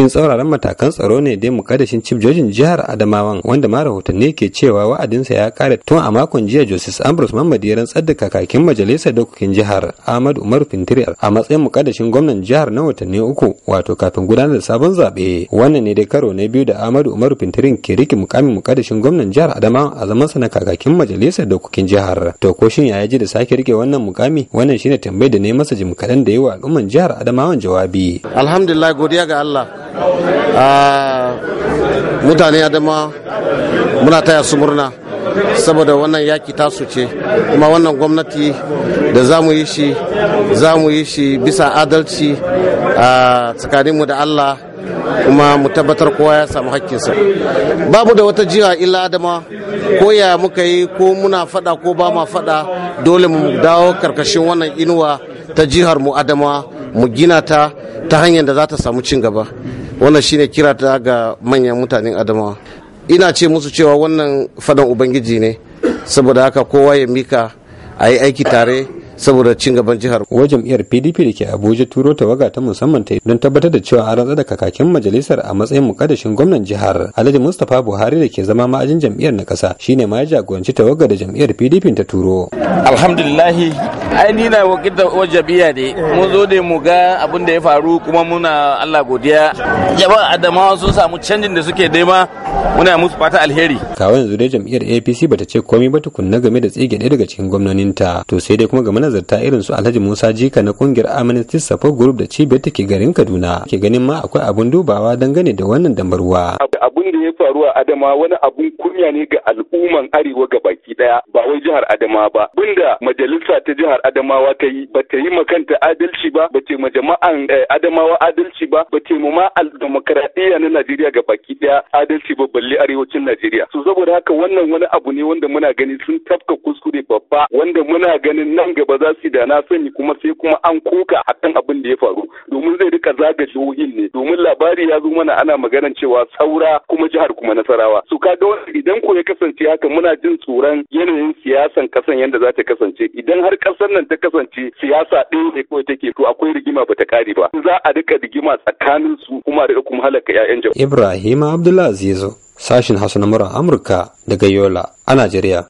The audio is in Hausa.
cikin tsauraran matakan tsaro ne dai mukaddashin chief jojin jihar adamawan wanda ma rahotanni ke cewa wa'adinsa ya kare tun a makon jiya joseph ambrose mamadi ya rantsar da kakakin majalisar dokokin jihar ahmad umar fintiri a matsayin mukaddashin gwamnan jihar na watanni uku wato kafin gudanar da sabon zaɓe wannan ne dai karo na biyu da ahmad umar fintirin ke rike mukamin mukaddashin gwamnan jihar adamawa a zamansa na kakakin majalisar dokokin jihar to ko shin ya ji da sake rike wannan mukami wannan shine tambayar da ne masa jim kaɗan da yi wa al'umman jihar adamawan jawabi alhamdulillah godiya ga allah Ah, mutane adama muna taya su murna saboda wannan yaki tasu ce kuma wannan gwamnati da za mu yi shi za mu yi shi bisa adalci a ah, mu da allah kuma mu tabbatar kowa ya samu hakkinsa babu da wata jiha illa adama ko ya muka yi ko muna fada ko ba ma fada dole mu dawo karkashin wannan inuwa ta jihar mu adama mu gina ta ta hanyar da za ta samu cin gaba wannan shine kira ta ga manyan mutanen adamawa ina ce musu cewa wannan fadan ubangiji ne saboda haka kowa ya mika a yi aiki tare saboda cin gaban jihar. Wa jam'iyyar PDP da ke Abuja turo tawaga ta musamman ta don tabbatar da cewa an rantsar da kakakin majalisar a matsayin mukaddashin gwamnan jihar. Alhaji Mustapha Buhari da ke zama ma'ajin jam'iyyar na kasa shine ma ya jagoranci tawaga da jam'iyyar PDP ta turo. Alhamdulillahi ai ni na wakilta wajabiya ne mun zo ne mu ga abin da ya faru kuma muna Allah godiya jama'a adamawa sun samu canjin da suke nema muna musu fata alheri kawo yanzu dai jam'iyyar APC bata ce komai ba tukunna game da tsige ɗaya daga cikin ta to sai dai kuma ga manazarta irin su Alhaji Musa Jika na kungiyar Amnesty Support Group da cibiyar take garin Kaduna ke ganin ma akwai abun dubawa dangane da wannan dambarwa abun da ya faru a Adama wani abun kunya ne ga al'umman arewa gabaki daya ba wai jihar Adama ba bunda majalisa ta jihar jama'ar Adamawa ta yi ba ta yi ma kanta adalci ba ba ce ma jama'an eh, Adamawa adalci ba ba ta ma demokradiyya na Najeriya ga baki daya adalci ba balle arewacin Najeriya so saboda haka wannan wani abu ne wanda muna gani sun tafka kuskure babba wanda muna ganin nan gaba za su da na sani kuma sai kuma an kuka akan abin da ya faru domin zai aka zaga jihohin ne domin labari ya zo mana ana maganan cewa saura kuma jihar kuma nasarawa su kaga idan ko ya kasance haka muna jin tsoron yanayin siyasan kasan yadda za ta kasance idan har kasan nan ta kasance siyasa ɗaya ne kawai take to akwai rigima bata kare ba za a rika rigima tsakanin su kuma da kuma halaka ƴaƴan jama'a Ibrahim Abdulaziz sashin Hausa na Amurka daga Yola a Najeriya